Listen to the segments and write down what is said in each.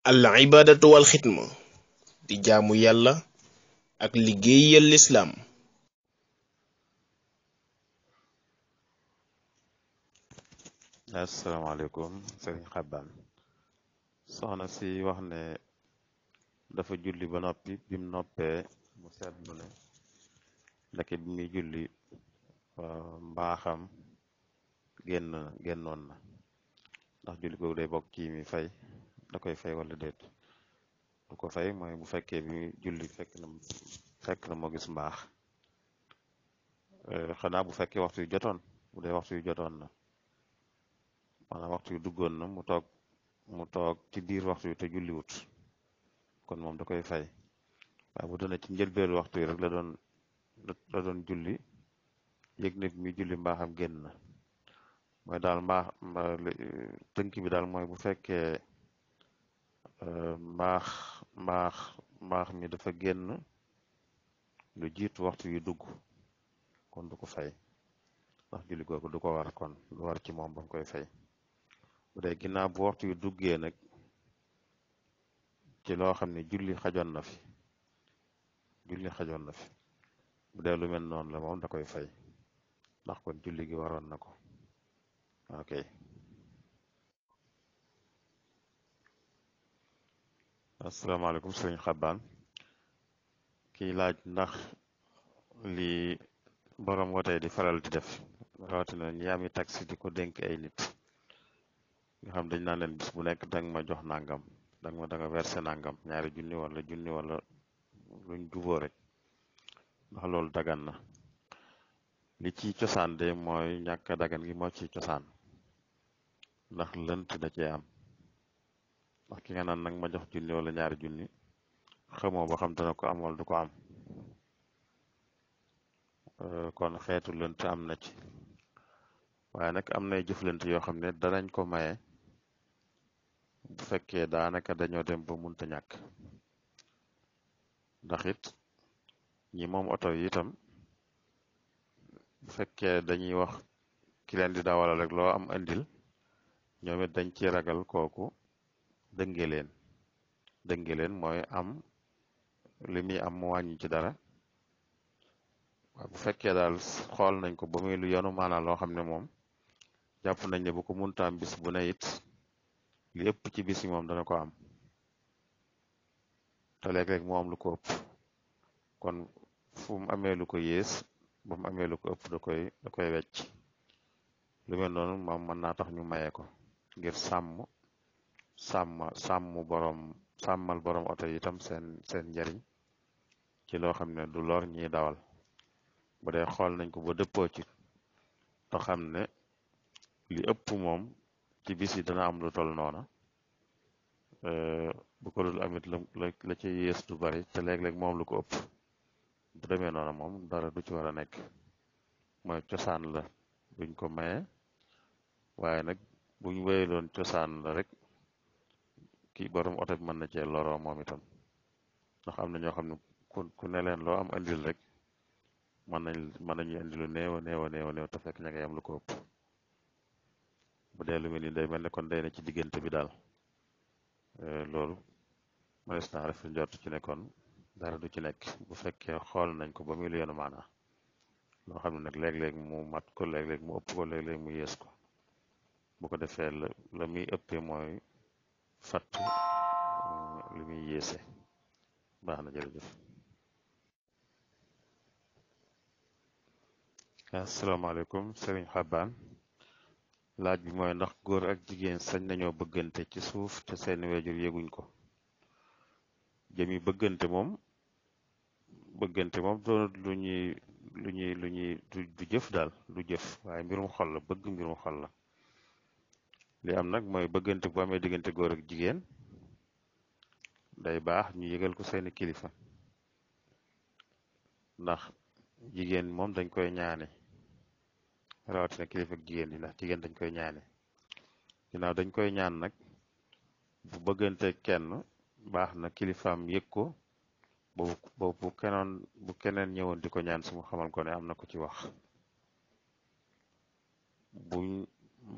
al ibadatu wal xidma di jaamu yàlla ak liggéeyal lislaam asalaamaaleykum sëriñ xabbaan soxna si wax ne dafa julli ba noppi bim noppee mu seetlu ne ndeke bi julli mbaaxam génn génnoon ndax julli googu day bokk kii fay da koy fay wala déet du ko mooy bu fekkee bi julli fekk na fekk na moo gis mbaax euh, xanaa bu fekkee waxtu yu jotoon bu dee waxtu yu jotoon na maanaam waxtu yu duggoon na mu toog mu toog ci biir waxtu yu te julliwut kon moom da koy fay waaye bu doona ci njëlbeelu waxtu yi rek la doon la doon julli yëg na mi julli mbaaxam génn na mooy daal mbaax tënk bi daal mooy bu fekkee Euh, maax maax maax mi dafa génn lu jiitu waxtu yu dugg kon du ko fay ndax julli googu du ko war kon lu war ci moom ba koy fay bu dee ginnaaw bu waxtu yu duggee nag ci loo xam ne juli xajon na fi juli xajoon na fi bu dee lu mel noonu la moom da koy fay ndax kon julli gi waroon na ko ok asalaamaaleykum sëriñ xabbaan kii laaj ndax li borom wote di faral di def rawatina ñi ami taxi di ko dénk ay nit nga xam dañ naan leen bis nekk danga ma jox nangam danga ma danga versé nangam ñaari junni wala junni wala luñ juboo rek ndax loolu dagan na li ci cosaan de mooy ñàkk dagan gi moo ci cosaan ndax lënt da ce am ndax ki nga naan nag ma jox junni wala ñaari junni xamoo ba xam dana ko am wala ko am euh, kon xeetu lënt am na ci waaye nag am nay jëflante yoo xam ne danañ ko maye bu fekkee daanaka dañoo dem ba munta ñàkk ndax it ñi moom oto yi itam bu fekkee dañuy wax ki leen di dawala rek loo am andil ñoom dañ ci ragal kooku dëngeleen dëngeleen mooy am li am mo wàññi ci dara waaye bu fekkee daal xool nañ ko ba muy lu yanu maanaa loo xam ne moom jàpp nañ ne ba ko munta am bis bu ne it li ëpp ci bis yi moom dana ko am te léeg-léeg moo am lu ko ëpp kon fu mu amee lu ko yées ba mu amee lu ko ëpp da koy da koy wecc lu mel noonu moom mën naa tax ñu maye ko ngir sàmm sàmm sàmm borom sàmmal borom oto yi itam seen seen njariñ ci loo xam ne du lor ñiy dawal bu xool nañ ko ba dëppoo ci to xam ne li ëpp moom ci bis yi dana am lu tol noona bu ko dul amit la la ci yées du bari te léeg-léeg moom lu ko ëpp bu demee noona moom dara du ci war a nekk mooy cosaan la buñ ko mayee waaye nag buñ loon cosaan la rek kii o oto man na cee loroo moom itam ndax am na ñoo xam ne ku ne leen loo am andil rek mën nañ mën nañuy andi lu néew a néew a néew a néew fekk ña am lu ko ëpp bu dee lu mel ni day mel ne kon day ne ci diggante bi daal euh, loolu mënees naa rafet njort ci ne kon du ci nekk bu fekkee xool nañ ko ba muy lu yoonu maanaa loo xam ne nag léeg-léeg mu mat ko léeg lek mu ëpp ko léeg-léeg mu yées ko bu ko defee la la muy mooy fatt euh, li muy yéese baax na jërëjëf asalaamaaleykum sëriñ xabaan laaj bi mooy ndax góor ak jigéen sañ nañoo bëggante ci suuf te seeni wejur yéguñ ko jëmi bëggante moom bëggante moom doonut lu ñuy lu ñuy lu ñuy du jëf daal du jëf waaye mbirum xol la bëgg mbirum xol la li am nag mooy bëggante bu amee diggante góor ak jigéen day baax ñu yëgal ko seeni kilifa ndax jigéen moom dañ koy ñaane rawatina kilifa jigéen yi ndax jigéen dañ koy ñaane ginnaaw dañ koy ñaan nag bu bëggante kenn baax na kilifaam yëg ko boobu bu kenoon bu keneen ñëwoon di ko ñaan su mu xamal ko ne am na ko ci wax buñ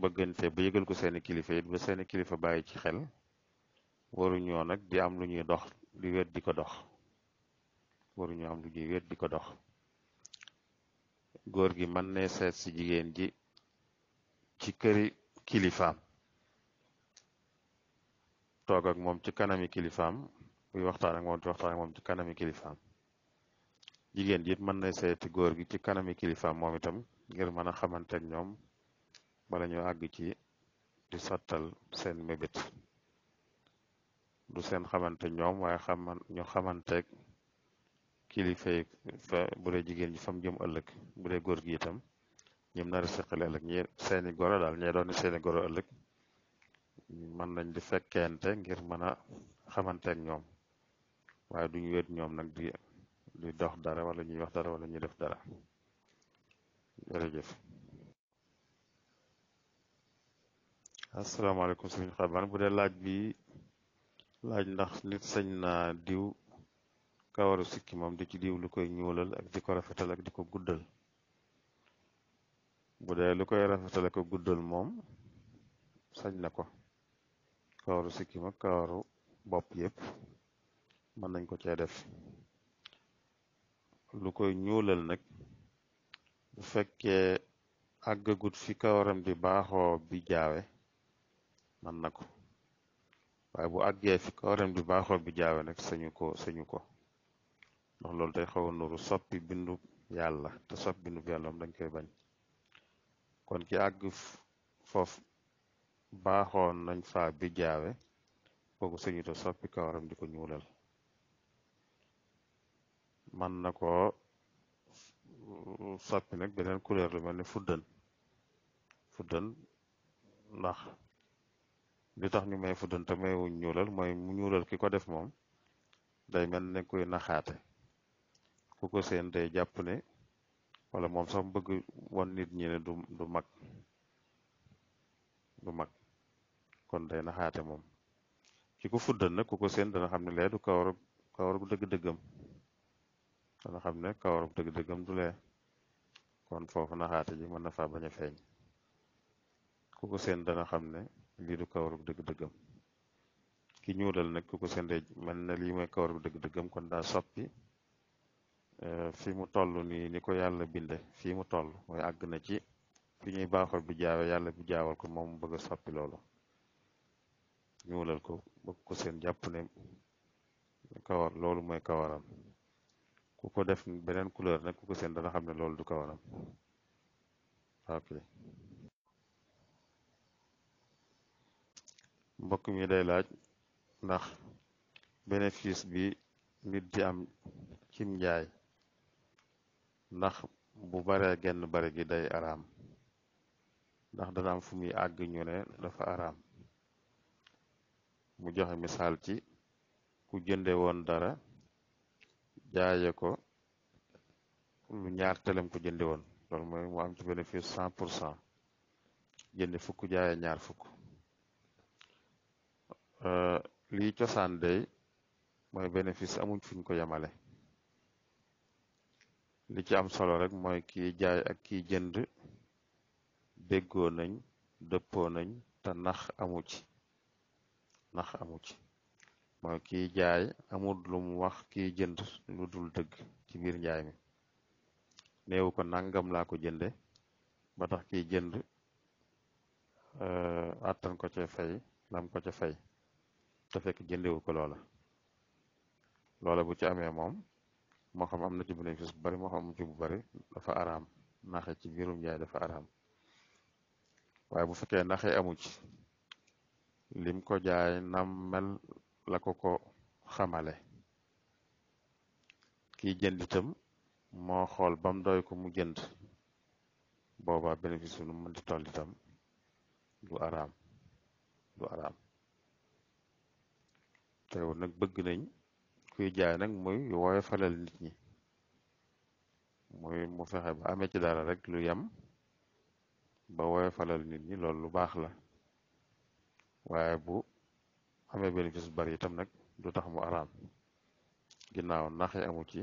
bëggante ba yëgal ko seeni kilifa it ba seeni kilifa bàyyi ci xel waruñoo nag di am lu ñuy dox di wet di ko dox waruñoo am lu wet di ko dox góor gi mën na seet ci jigéen ji ci këri kilifaam toog ak moom ci kanami kilifaam muy waxtaan ak ci waxtaan ak jigéen ji it mën na seeti góor gi ci kanami kilifaam moom itam ngir mën a xamante ñoom bala ñu àgg ci di sottal seen mébét du seen xamante ñoom waaye xaman ñu xamanteeg kilifa bu dee jigéen ñi fam jëm ëllëg bu dee góor gi itam ñoom nar a ëllëg ñi seeni goro daal ñee doon seeni goro ëllëg mën nañ di fekkente ngir mën a xamanteeg ñoom waaye duñu wéet ñoom nag di di dox dara wala ñuy wax dara wala ñuy def dara asalaamaaleykum sëñ Xaban bu dee laaj bi laaj ndax nit sañ naa diw kawaru sikki di ci diw lu koy ñuulal ak di ko rafetal ak di ko guddal bu dee lu koy rafetal ak ko guddal moom sañ na ko kawaru sikki ma kawaru bopp yëpp mën nañ ko cee def lu koy ñuulal nag bu fekkee àggagut fi kawaram di baaxoo bi jaawe man na ko waaye bu àggee fi kawram bi baaxoo bi jaawe nag sañu ko sañu ko ndax loolu day xaw a nuru soppi bindu yàlla te soppi bindu yàlla moom dañ koy bañ kon ki àgg foofu baaxoon nañ fa bi jaawe kooku sañu te soppi kawaram di ko ñuulal man na ko soppi nag beneen couleur lu mel fuddan fuddan ndax li tax ñu may fuddante te mayuñ ñuulal mooy mu ñuulal ki ko def moom day mel ne koy naxaate ku ko seen day jàpp ne wala moom sax bëgg wan nit ñi ne du mag du mag kon day naxaate moom ki ko fuddal nag ku ko seen dana xam ne lee du kawarub kawarub dëgg-dëggam dana xam ne kawarub dëgg-dëggam du lee kon foofu naxaate ji mën na faa feeñ ku ko seen dana xam ne lii du kawar bu dëgg-dëggam ki ñuulal nag ku ko sendeej mel na lii mooy kawarug dëgg-dëggam kon daa soppi euh, fi mu toll nii ni ko yàlla binde fii mu toll mooy àgg na ci fi ñuy baaxal bi jaawe yàlla bi jaawal ko moom mu bëgg a soppi loolu ñuulal ko bëgg ko seen jàpp ne kawar loolu mooy kawaram ku ko def beneen couleur nag ku ko seen dana xam ne loolu du kawaram ok mbokk mi day laaj ndax bénéfice bi nit di am cim njaay ndax bu baree genn bare gi day araam ndax dana am fu muy àgg ñu ne dafa araam mu joxe misaal ci ku jënde woon dara jaaye ko lu ñaar telem ko jënde woon loolu mooy mu am ci bénéfice cent pour cent jënde fukk jaaye ñaar fukk Euh, lii cosaan day mooy bénéfice amuñ fuñ ko yemale li ci am solo rek mooy ki jaay ak kii jënd déggoo nañ dëppoo nañ te nax amu ci nax amu ci mooy kii jaay amul lu mu wax ki jënd lu dul dëgg ci biir njaay mi néew ko nangam laa ko jënde ba tax kii jënd euh, attan ko ca fay lam ko ca fay te fekk jëndewu ko loola loola bu ci amee moom moo xam am na ci bénéfice bu bari moo xam am ci bu bari dafa araam naxe ci biirum jaay dafa araam waaye bu fekkee naxe amu ci lim ko jaay nam mel la ko ko xamale kiy jënd moo xool bam doy ko mu jënd booba bénéfice bu nu mën di toll itam du araam du araam teewul nag bëgg nañ kuy jaay nag muy wooye falal nit ñi muy mu fexe ba ame ci dara rek lu yem ba wooye falal nit ñi lool lu baax la waaye bu amee bénéfice bu bari itam nag lu tax mu araam ginnaaw naxe amu ci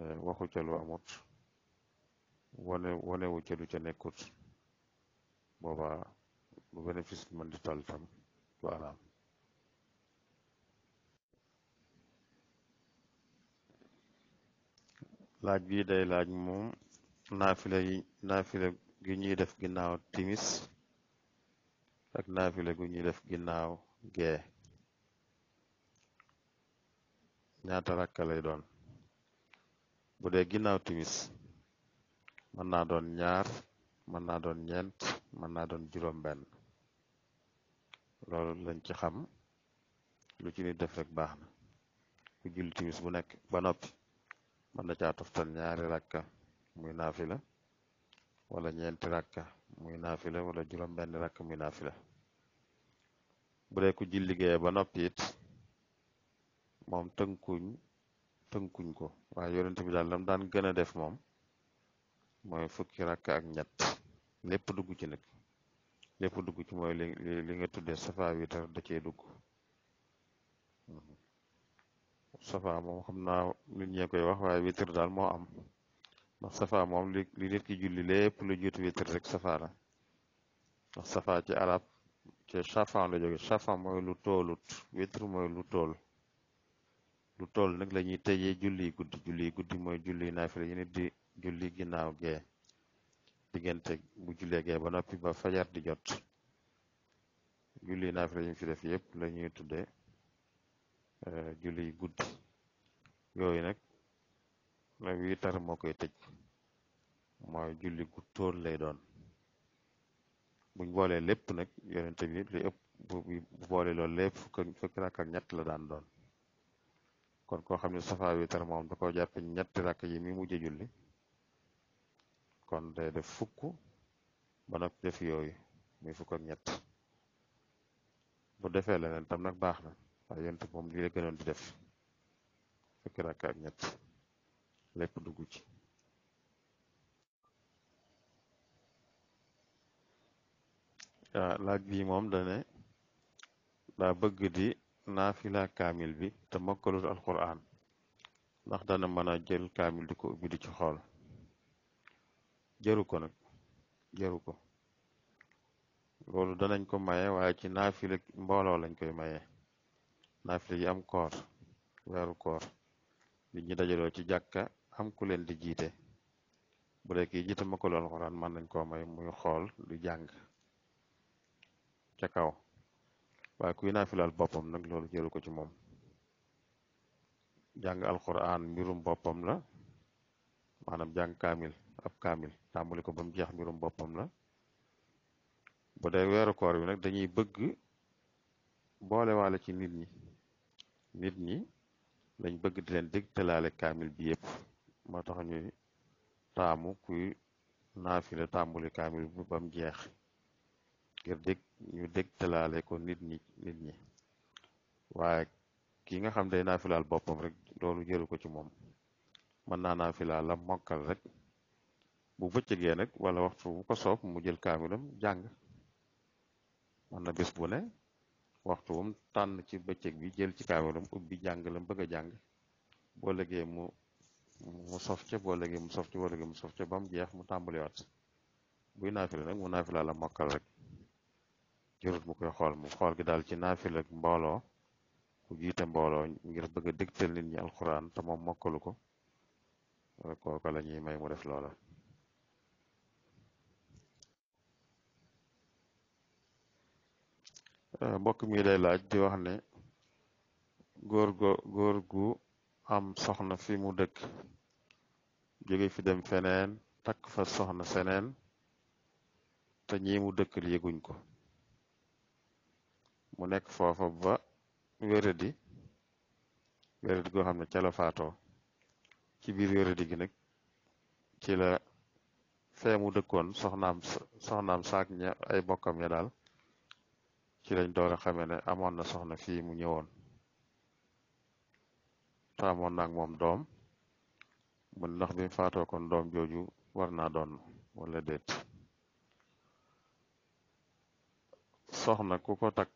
eh, waxu ca lu amut wane wanewu ca lu ca nekkut booba bu bénéfice mën di toll itam araam laaj bii de laaj moom naafila yi naafila ñuy def ginnaaw timis ak naafila gu ñuy def ginnaaw gee ñaata rakka doon bu dee ginnaaw timis mën naa doon ñaar mën naa doon ñeent mën naa doon juróom benn loolu lañ ci xam lu ci nit def rek baax na ku timis bu nekk ba noppi mën na caa toftal ñaari rakka muy naafila wala ñeenti rakka muy naafila wala juróom benn rakka muy naafila bu dee ku julli liggéey ba noppi it moom tënkuñ tënkuñ ko waaye yonent bi daal lam daan gën a def moom mooy fukki rakka ak ñett lépp dugg ci nag lépp dugg ci mooy li li nga tuddee safa witar da cee dugg safa moom xam naa nit ñee koy wax waaye witr daal moo am ndax safa moom li li nit ki julli lépp lu jiitu witr rek safa la ndax safa ci arab ci safan mooy lu toolut lu tool lu tool nag la ñuy tëjee julli guddi juli guddi mooy julli naafila yi nit di julli ginnaaw gee bu jullee gee ba noppi ba fajar di jot julli naafila yi fi def yëpp la ñuy tuddee Eh, julli guddi yooyu nag nag witar moo koy tëj mooy julli gu tóor lay doon buñ boole lépp nag te bi li ëpp bu boole loolu lépp fukk fukki rakk ak ñett la daan doon kon koo xam ne safa witar moom da ko jàppe ñetti rakk yi mi mujj julli kon day def fukk ba nag def yooyu muy fukk ak ñett bu defee leneen tam nag baax na waaye yonent moom lii la gënoon di def fukki rakk ñett lépp dugg ci waaw ah, laaj bii moom dane daa bëgg di naafila kaamil bi te mokkalut alquran ndax dana mën jël kaamil di ko ubbi ci xool jëru ko nag jëru ko loolu danañ ko maye waaye ci naafila mbooloo lañ koy maye naafila yi am koor weeru koor bi ñu dajaloo ci jàkka am ku leen di jiite bu dee kii jiite ma ko alxuraan mën nañ koo may muy xool lu jàng ca kaw waaye kuy naafilaal boppam nag loolu jëru ko ci moom jàng alxuraan mbirum boppam la maanaam jàng kaamil ab kaamil tàmbali ko ba mu jeex mbirum boppam la bu dee weeru koor bi nag dañuy bëgg boolewaale ci nit ñi nit ñi dañ bëgg di leen dégtalaale kaamil bi yëpp moo tax ñuy taamu kuy naafila tàmbuli kaamil bi bam jeex ngir dég ñu dégtalaale ko nit ñi nit ñi waaye ki nga xam day naafilaal boppam rek loolu jëru ko ci moom mën naa naafilaal la mokkal rek bu bëccëgee nag wala waxtu bu ko mu jël kaamilam jàng mën na bés bu ne waxtu wam tànn ci bëccëg bi jël ci kaawalam ubbi jàng lam bëgg a jàng boo lëgee mu mu sof ca boo lëgee mu sof ca boo lëgee sof ca mu jeex mu tàmbaliwaat buy naafila nag mu naafila la mokkal rek jërut mu koy xool mu xool gi daal ci naafila ak mbooloo ku jiite mbooloo ngir bëgg a dégtal nit ñi alxuraan te moom mokkalu ko kooka la ñuy may mu def loola Euh, mbokk mi lay laaj di wax ne góor gu am soxna fi mu dëkk jóge fi dem feneen takk fa soxna seneen te ñi mu dëkkal yëguñ ko mu nekk foofa ba wéradi wéradi goo xam ne ca la faatoo ci biir gi nag ci la fee mu dëkkoon soxnaam soxnaam saak ña ay bokkam ya daal ci lañ door a xamee ne amoon na soxna fii mu ñëwoon te amoon na moom doom mu ndax bi mu kon doom jooju war naa doon wala déet soxna ku ko takk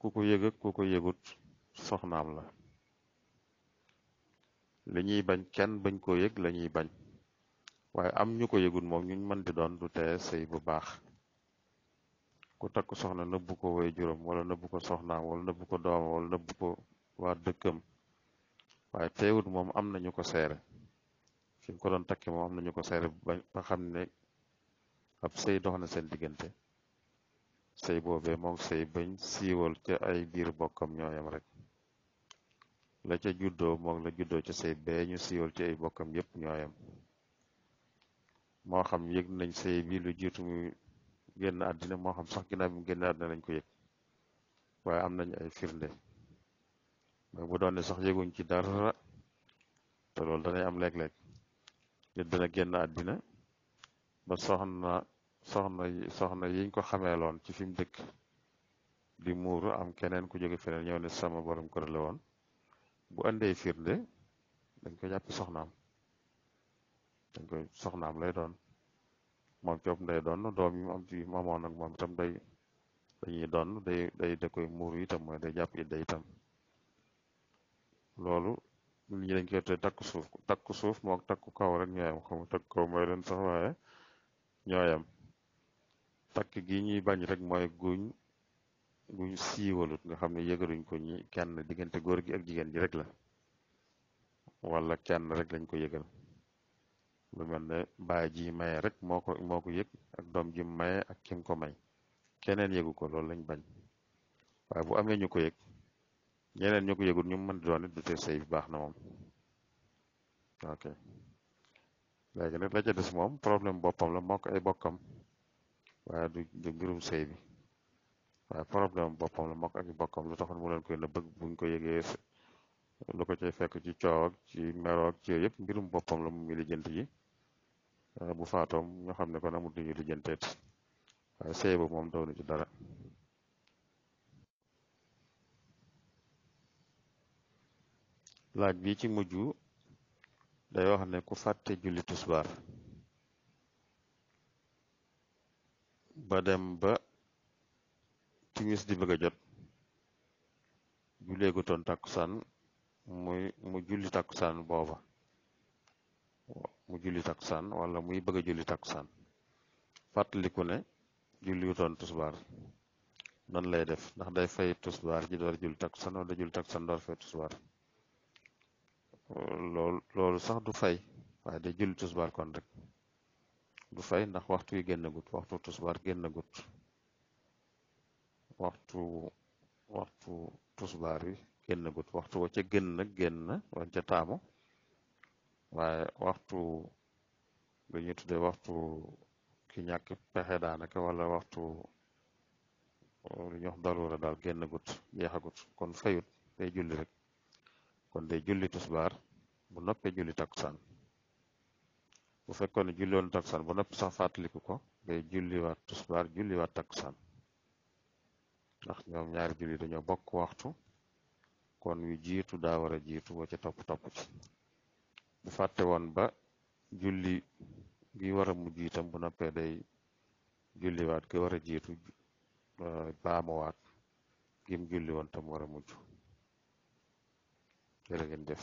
ku ko yëg ku ko yëgut soxnaam la li bañ kenn bañ koo yëg lañuy bañ waaye am ñu ko yëgut moom ñu mën doon du tee sëy bu baax ku takk soxna nëbbu ko way juróom wala nëbbu ko soxnaam wala nëbbu ko doomam wala nëbbu ko waa dëkkam waaye teewut moom am nañu ko seere fi mu ko doon takki moom am nañu ko seere ba xam ne ab sey dox na seen diggante sëy boobee moom sëy bañ siiwal ca ay biir bokkam ñooyam rek ca juddoo moom la juddoo ca sëy bee siiwal ci ay yépp ñooyam moo xam yëg génn àddina moo xam sax ginnaaw bi mu génn àddina lañ ko yëg waaye am nañ ay firnde mais bu doon ne sax yëguñ ci dara te loolu danay am léeg-léeg nit dana génn àddina ba soxna soxna yiñ ko xameeloon ci fi mu di muuru am keneen ku jóge feneen ñëw ne sama borom kër la woon bu firnde dañ ko jàpp soxnaam dañ koy soxnaam lay doon moom itam day doon doom yi mu am ci mamoon ak moom itam day dañuy doon day day da koy muuru itam mooy day jàpp idda itam loolu ñi dañ koy te takku suuf takku suuf mook takku kaw rek ñooyam xam takku kaw mooy leen sax waaye ñooyam takk gi ñuy bañ rek mooy guñ guñ siiwalut nga xam ne yëgaluñ ko ñi kenn diggante góor gi ak jigéen ji rek la wala kenn rek lañ ko yëgal lu mel ne baay ji maye rek moo ko moo ko yëg ak doom ji maye ak kim ko may keneen yëgu ko loolu lañ bañ waaye bo amee ñu ko yëg ñeneen ñu ko ñu mën doon it du tee sëy baax na moom ok léegi nag la ca des moom boppam la moo ay bokkam waaye du du mbirum sëy bi waaye problème boppam la moo ko ak bokkam lu taxoon mu leen koy na bëgg buñ ko yëgee lu ko fekk ci coow ci meroo ci yëpp mbirum boppam la mu ngi lijjanti yi Euh, bu faatoom nga xam ne kon amul lu ñuy lijjanteet waaye sëy ba moom doonu ci dara laaj bi ci mujj day wax ne ku fàtte julli tusbaar ba dem ba timis di bëgg a jot julleegutoon tàkkusaan muy mu julli tàkkusaan booba mu julli takkusaan wala muy bëgg a julli takkusaan fàttaliku ne julliwutoon tusbaar nan lay def ndax day fay tusbaar ji door julli takkusaan wala julli takkusaan door fay tusbaar loolu sax du fay waaye day julli tusbaar kon rek du fay ndax waxtu wi génnagut waxtu tusbaar génnagut waxtu waxtu tusbaar yi génnagut waxtu wa ca génn nag génn wañ ca taamu waaye waxtu bi ñu tuddee waxtu ki ñàkk pexe daanaka wala waxtu uh, lu ñu wax daruura daal génn gut jeexagut kon fayut day julli rek kon day julli tusbaar bu noppee julli takkusaan bu fekkoon ne julli woon takkusaan bu noppi sax fàttaliku ko day julliwaat tusbaar julliwaat takkusaan ndax ñoom ñaari julli dañoo bokk waxtu kon yu jiitu daa war a jiitu wa ca topp ci fàtte won ba julli gi war a mujj itam bu noppee day julliwaat ki war a jiitu baamuwaat gim julli woon tam war a mujj jërë ngeen def